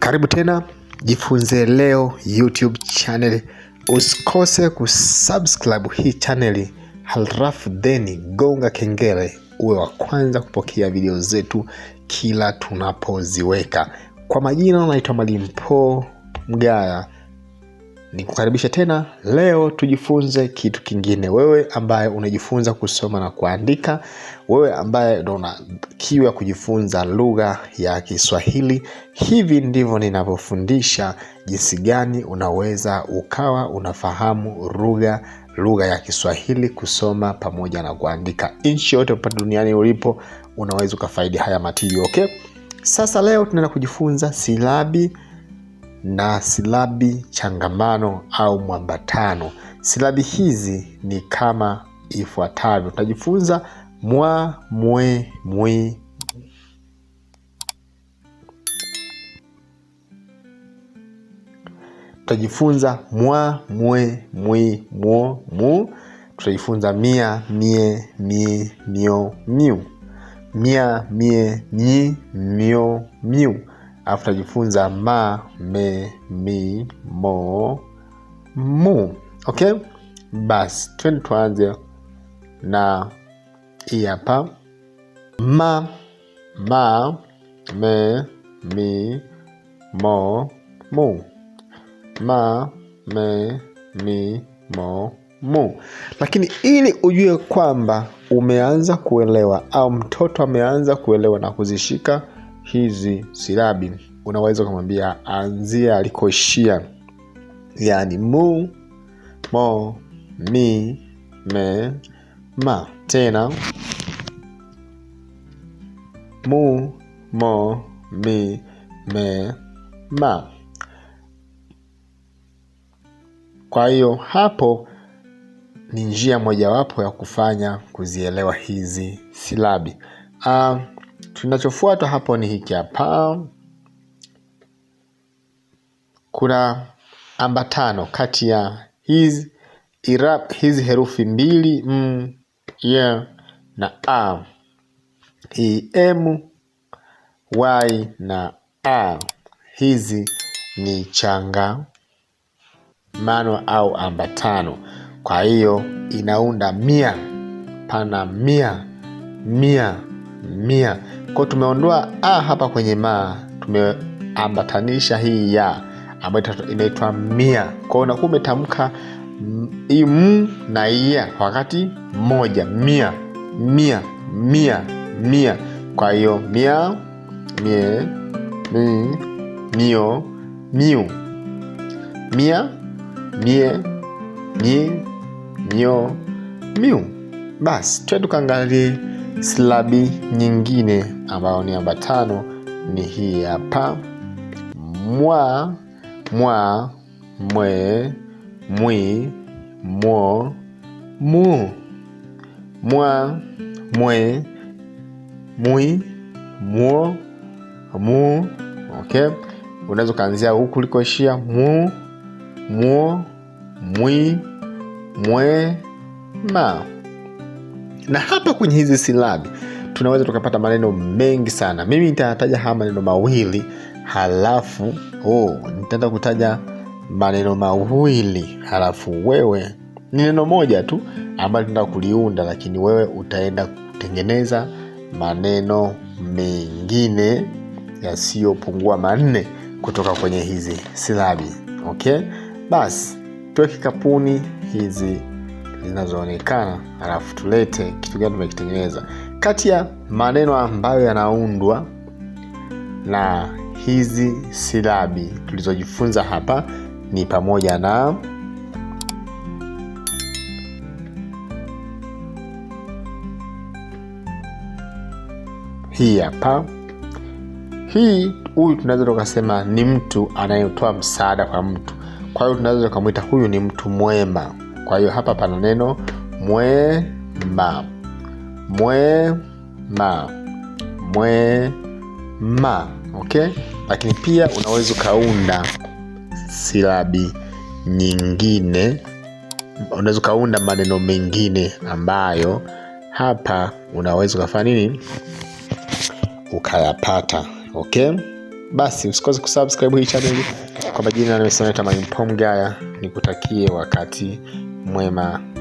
Karibu tena Jifunze Leo YouTube channel, usikose kusubscribe hii chaneli, halafu then gonga kengele uwe wa kwanza kupokea video zetu kila tunapoziweka. Kwa majina unaitwa Mwalimu Paul Mgaya kukaribisha tena leo, tujifunze kitu kingine. Wewe ambaye unajifunza kusoma na kuandika, wewe ambaye ndo una kiu ya kujifunza lugha ya Kiswahili, hivi ndivyo ninavyofundisha jinsi gani unaweza ukawa unafahamu lugha lugha ya Kiswahili, kusoma pamoja na kuandika. Nchi yote upate duniani ulipo, unaweza ukafaidi haya matirio okay? Sasa leo tunaenda kujifunza silabi na silabi changamano au mwambatano. Silabi hizi ni kama ifuatavyo, tutajifunza mwa, mwe, mwi. Tutajifunza mwa, mwe, mwi, mwo, mu. Tutajifunza mia, mie, mi, mio, miu. Mia, mie, nyi, mio, miu alafu tajifunza ma, me, mi, mo, mu. Okay, basi twende tuanze na hii hapa ma, ma, me, mi, mo, mu. Ma, me, mi, mo, mu. Lakini ili ujue kwamba umeanza kuelewa au mtoto ameanza kuelewa na kuzishika hizi silabi unaweza ukamwambia anzia alikoishia yani mu mo mi me ma tena mu mo mi me ma kwa hiyo hapo ni njia mojawapo ya kufanya kuzielewa hizi silabi uh, Tunachofuata hapo ni hiki hapa, kuna ambatano kati ya hizi irab hizi herufi mbili mm, yeah, na a m y na a. Hizi ni changa mano au ambatano, kwa hiyo inaunda mia. Pana mia mia mia. Kwa tumeondoa a hapa kwenye ma, tumeambatanisha hii ya ambayo inaitwa mia. Kwa unakuwa umetamka m na ya wakati moja, mia mia mia mia. Kwa hiyo mia mie mi mio miu mia mie mi mio miu. Basi twende tukaangalie Silabi nyingine ambayo ni ambatano ni hii hapa mwa, mwa, mwe, mwi, mwo, mu. Mwa, mwe, mwi, mwo, mu. Okay, unaweza ukaanzia huku ulikoishia mu, mwo, mwi, mwe, ma na hapa kwenye hizi silabi tunaweza tukapata maneno mengi sana. Mimi nitataja haya maneno mawili halafu oh, nitaenda kutaja maneno mawili halafu wewe, ni neno moja tu ambayo tunaenda kuliunda, lakini wewe utaenda kutengeneza maneno mengine yasiyopungua manne kutoka kwenye hizi silabi. Okay, basi tuweke kapuni hizi zinazoonekana alafu tulete kitu gani tumekitengeneza kati ya maneno ambayo yanaundwa na hizi silabi tulizojifunza hapa ni pamoja na hii hapa hii huyu tunaweza tukasema ni mtu anayetoa msaada kwa mtu kwa hiyo tunaweza tukamwita huyu ni mtu mwema kwa hiyo hapa pana neno mwema, mwema, mwema, okay. Lakini pia unaweza ukaunda silabi nyingine, unaweza ukaunda maneno mengine ambayo hapa unaweza ukafanya nini, ukayapata okay. Basi usikose kusubscribe hii chaneli. Kwa majina nimesema Tumaini Mpomgaya, nikutakie wakati mwema.